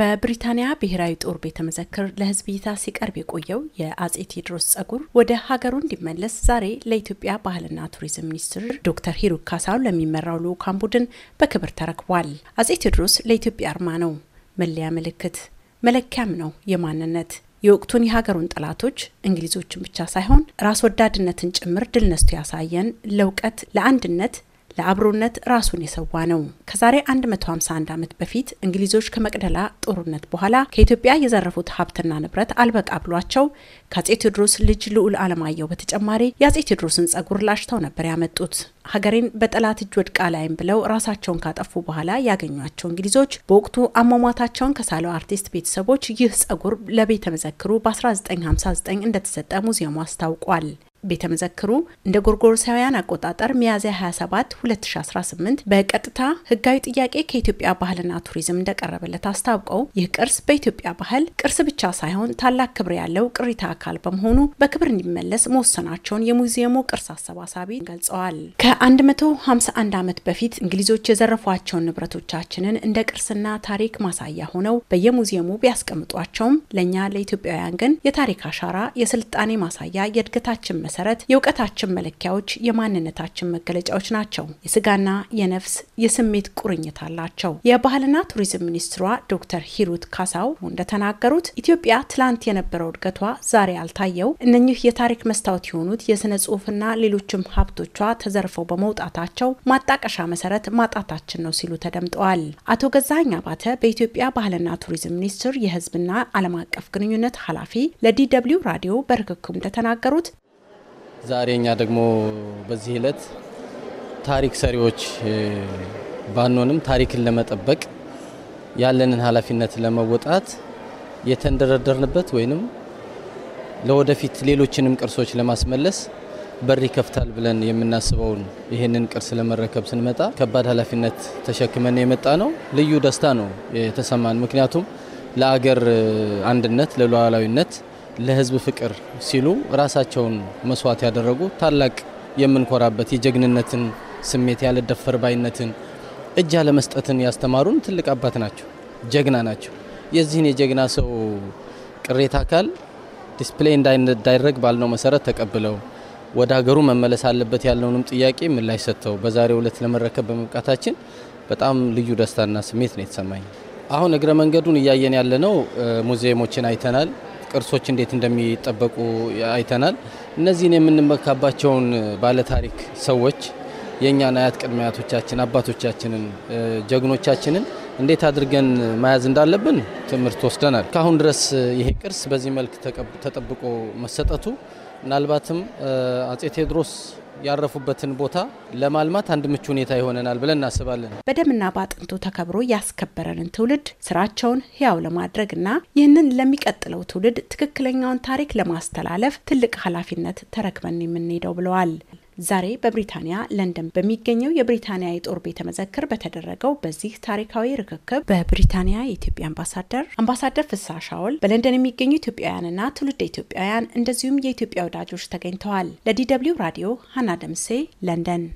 በብሪታንያ ብሔራዊ ጦር ቤተ መዘክር ለሕዝብ እይታ ሲቀርብ የቆየው የአጼ ቴዎድሮስ ጸጉር ወደ ሀገሩ እንዲመለስ ዛሬ ለኢትዮጵያ ባህልና ቱሪዝም ሚኒስትር ዶክተር ሂሩት ካሳው ለሚመራው ልዑካን ቡድን በክብር ተረክቧል። አጼ ቴዎድሮስ ለኢትዮጵያ አርማ ነው፣ መለያ ምልክት፣ መለኪያም ነው የማንነት የወቅቱን የሀገሩን ጠላቶች እንግሊዞችን ብቻ ሳይሆን ራስ ወዳድነትን ጭምር ድል ነስቶ ያሳየን ለእውቀት ለአንድነት ለአብሮነት ራሱን የሰዋ ነው። ከዛሬ 151 ዓመት በፊት እንግሊዞች ከመቅደላ ጦርነት በኋላ ከኢትዮጵያ የዘረፉት ሀብትና ንብረት አልበቃ ብሏቸው ከአጼ ቴዎድሮስ ልጅ ልዑል አለማየሁ በተጨማሪ የአጼ ቴዎድሮስን ጸጉር ላሽተው ነበር ያመጡት። ሀገሬን በጠላት እጅ ወድቃ ላይም ብለው ራሳቸውን ካጠፉ በኋላ ያገኟቸው እንግሊዞች በወቅቱ አሟሟታቸውን ከሳለው አርቲስት ቤተሰቦች ይህ ጸጉር ለቤተ መዘክሩ በ1959 እንደተሰጠ ሙዚየሙ አስታውቋል። ቤተ መዘክሩ እንደ ጎርጎሮሳውያን አቆጣጠር ሚያዝያ 27 2018 በቀጥታ ህጋዊ ጥያቄ ከኢትዮጵያ ባህልና ቱሪዝም እንደቀረበለት አስታውቀው ይህ ቅርስ በኢትዮጵያ ባህል ቅርስ ብቻ ሳይሆን ታላቅ ክብር ያለው ቅሪታ አካል በመሆኑ በክብር እንዲመለስ መወሰናቸውን የሙዚየሙ ቅርስ አሰባሳቢ ገልጸዋል። ከ151 ዓመት በፊት እንግሊዞች የዘረፏቸውን ንብረቶቻችንን እንደ ቅርስና ታሪክ ማሳያ ሆነው በየሙዚየሙ ቢያስቀምጧቸውም ለእኛ ለኢትዮጵያውያን ግን የታሪክ አሻራ፣ የስልጣኔ ማሳያ፣ የእድገታችን መሰ መሰረት የእውቀታችን መለኪያዎች የማንነታችን መገለጫዎች ናቸው። የስጋና የነፍስ የስሜት ቁርኝት አላቸው። የባህልና ቱሪዝም ሚኒስትሯ ዶክተር ሂሩት ካሳው እንደተናገሩት ኢትዮጵያ ትላንት የነበረው እድገቷ ዛሬ አልታየው እነኚህ የታሪክ መስታወት የሆኑት የስነ ጽሁፍና ሌሎችም ሀብቶቿ ተዘርፈው በመውጣታቸው ማጣቀሻ መሰረት ማጣታችን ነው ሲሉ ተደምጠዋል። አቶ ገዛኸኝ አባተ በኢትዮጵያ ባህልና ቱሪዝም ሚኒስቴር የህዝብና ዓለም አቀፍ ግንኙነት ኃላፊ ለዲ ደብልዩ ራዲዮ በርክክም እንደተናገሩት ዛሬ እኛ ደግሞ በዚህ ዕለት ታሪክ ሰሪዎች ባንሆንም ታሪክን ለመጠበቅ ያለንን ኃላፊነት ለመወጣት የተንደረደርንበት ወይንም ለወደፊት ሌሎችንም ቅርሶች ለማስመለስ በር ይከፍታል ብለን የምናስበውን ይህንን ቅርስ ለመረከብ ስንመጣ ከባድ ኃላፊነት ተሸክመን የመጣ ነው። ልዩ ደስታ ነው የተሰማን። ምክንያቱም ለአገር አንድነት፣ ለሉዓላዊነት ለህዝብ ፍቅር ሲሉ ራሳቸውን መስዋዕት ያደረጉ ታላቅ የምንኮራበት የጀግንነትን ስሜት ያለ ደፈር እጅ ያለመስጠትን ያስተማሩን ትልቅ አባት ናቸው። ጀግና ናቸው። የዚህን የጀግና ሰው ቅሬታ አካል ዲስፕሌይ እንዳይደረግ ባልነው መሰረት ተቀብለው ወደ ሀገሩ መመለስ አለበት ያለውንም ጥያቄ ምላሽ ሰጥተው በዛሬው ዕለት ለመረከብ በመብቃታችን በጣም ልዩ ደስታና ስሜት ነው የተሰማኝ። አሁን እግረ መንገዱን እያየን ያለነው ሙዚየሞችን አይተናል። ቅርሶች እንዴት እንደሚጠበቁ አይተናል። እነዚህን የምንመካባቸውን ባለታሪክ ሰዎች የእኛን አያት ቅድመ አያቶቻችን አባቶቻችንን ጀግኖቻችንን እንዴት አድርገን መያዝ እንዳለብን ትምህርት ወስደናል። ከአሁን ድረስ ይሄ ቅርስ በዚህ መልክ ተጠብቆ መሰጠቱ ምናልባትም አጼ ቴዎድሮስ ያረፉበትን ቦታ ለማልማት አንድ ምቹ ሁኔታ ይሆነናል ብለን እናስባለን። በደምና በአጥንቱ ተከብሮ ያስከበረንን ትውልድ ስራቸውን ህያው ለማድረግና ይህንን ለሚቀጥለው ትውልድ ትክክለኛውን ታሪክ ለማስተላለፍ ትልቅ ኃላፊነት ተረክበን የምንሄደው ብለዋል። ዛሬ በብሪታንያ ለንደን በሚገኘው የብሪታንያ የጦር ቤተ መዘክር በተደረገው በዚህ ታሪካዊ ርክክብ በብሪታንያ የኢትዮጵያ አምባሳደር አምባሳደር ፍስሐ ሻውል በለንደን የሚገኙ ኢትዮጵያውያንና ትውልደ ኢትዮጵያውያን እንደዚሁም የኢትዮጵያ ወዳጆች ተገኝተዋል። ለዲ ደብልዩ ራዲዮ ሀና ደምሴ ለንደን።